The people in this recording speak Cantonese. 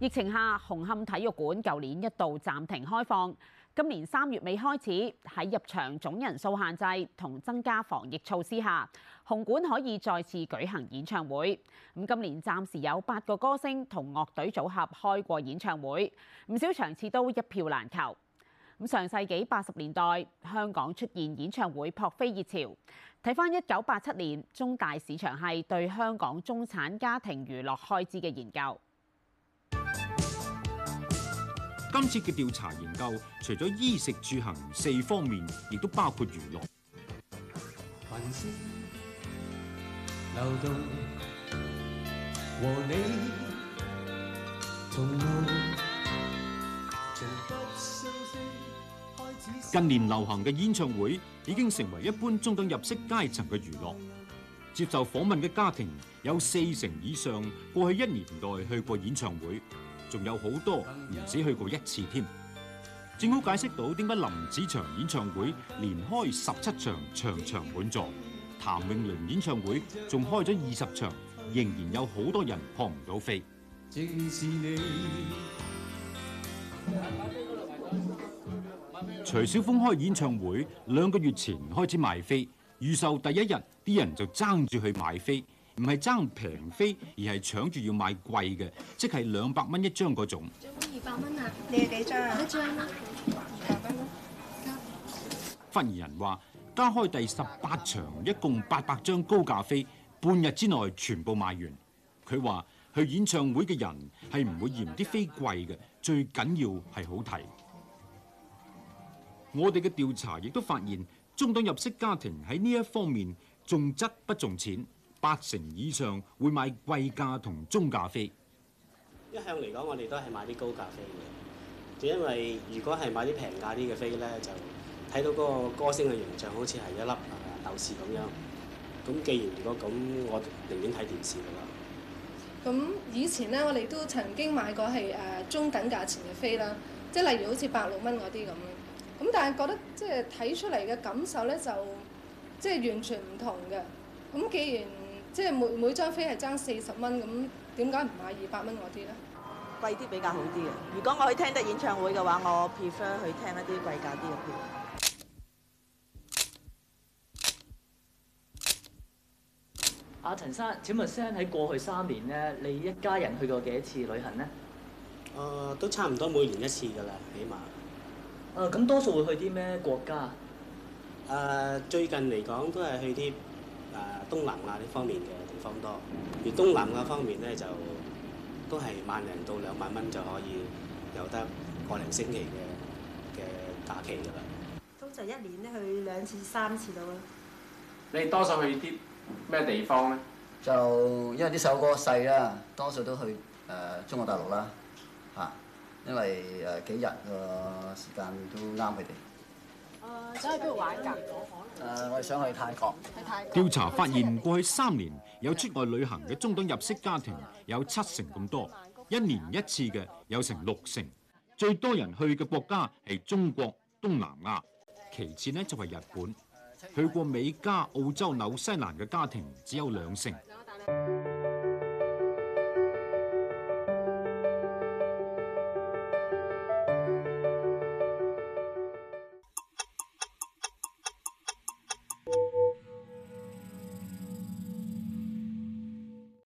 疫情下，紅磡體育館舊年一度暫停開放。今年三月尾開始，喺入場總人數限制同增加防疫措施下，紅館可以再次舉行演唱會。咁今年暫時有八個歌星同樂隊組合開過演唱會，唔少場次都一票難求。咁上世紀八十年代，香港出現演唱會撲飛熱潮。睇返一九八七年中大市場系對香港中產家庭娛樂開支嘅研究。今次嘅調查研究，除咗衣食住行四方面，亦都包括娛樂。近年流行嘅演唱會已經成為一般中等入息階層嘅娛樂。接受訪問嘅家庭有四成以上過去一年內去過演唱會。仲有好多唔止去過一次添，正好解釋到點解林子祥演唱會連開十七場，場場滿座，譚詠麟演唱會仲開咗二十場，仍然有好多人撲唔到飛。正是你徐小鳳開演唱會兩個月前開始賣飛，預售第一日啲人就爭住去買飛。唔係爭平飛，而係搶住要買貴嘅，即係兩百蚊一張嗰種。最貴二百蚊啊！你係幾張？一張。發言人話加開第十八場，一共八百張高價飛，半日之內全部賣完。佢話去演唱會嘅人係唔會嫌啲飛貴嘅，最緊要係好睇。我哋嘅調查亦都發現，中等入息家庭喺呢一方面重質不重錢。八成以上會買貴價同中價飛，一向嚟講，我哋都係買啲高價飛嘅，就因為如果係買啲平價啲嘅飛咧，就睇到嗰個歌星嘅形象好似係一粒豆豉咁樣。咁既然如果咁，我寧願睇電視啦。咁以前咧，我哋都曾經買過係誒、啊、中等價錢嘅飛啦，即係例如好似百六蚊嗰啲咁。咁但係覺得即係睇出嚟嘅感受咧，就即係完全唔同嘅。咁既然即係每每張飛係爭四十蚊，咁點解唔買二百蚊嗰啲咧？貴啲比較好啲嘅！如果我去聽得演唱會嘅話，我 prefer 去聽一啲貴價啲嘅票。阿陳生，請問聲喺過去三年咧，你一家人去過幾多次旅行咧？啊，都差唔多每年一次㗎啦，起碼。啊，咁多數會去啲咩國家？啊，最近嚟講都係去啲東南亞呢方面嘅地方多，而東南亞方面呢，就都係萬零到兩萬蚊就可以有得個零星期嘅假期噶啦。多就一年咧去兩次、三次到啦。你多數去啲咩地方呢？就因為啲首歌細啦，多數都去誒、呃、中國大陸啦，嚇、啊，因為誒幾日個時間都啱佢哋。誒，想去邊度玩噶？誒、呃，我想去泰國。呃、去泰國調查發現，過去三年有出外旅行嘅中等入息家庭有七成咁多，一年一次嘅有成六成，最多人去嘅國家係中國、東南亞，其次呢就係日本。去過美加、澳洲、紐西蘭嘅家庭只有兩成。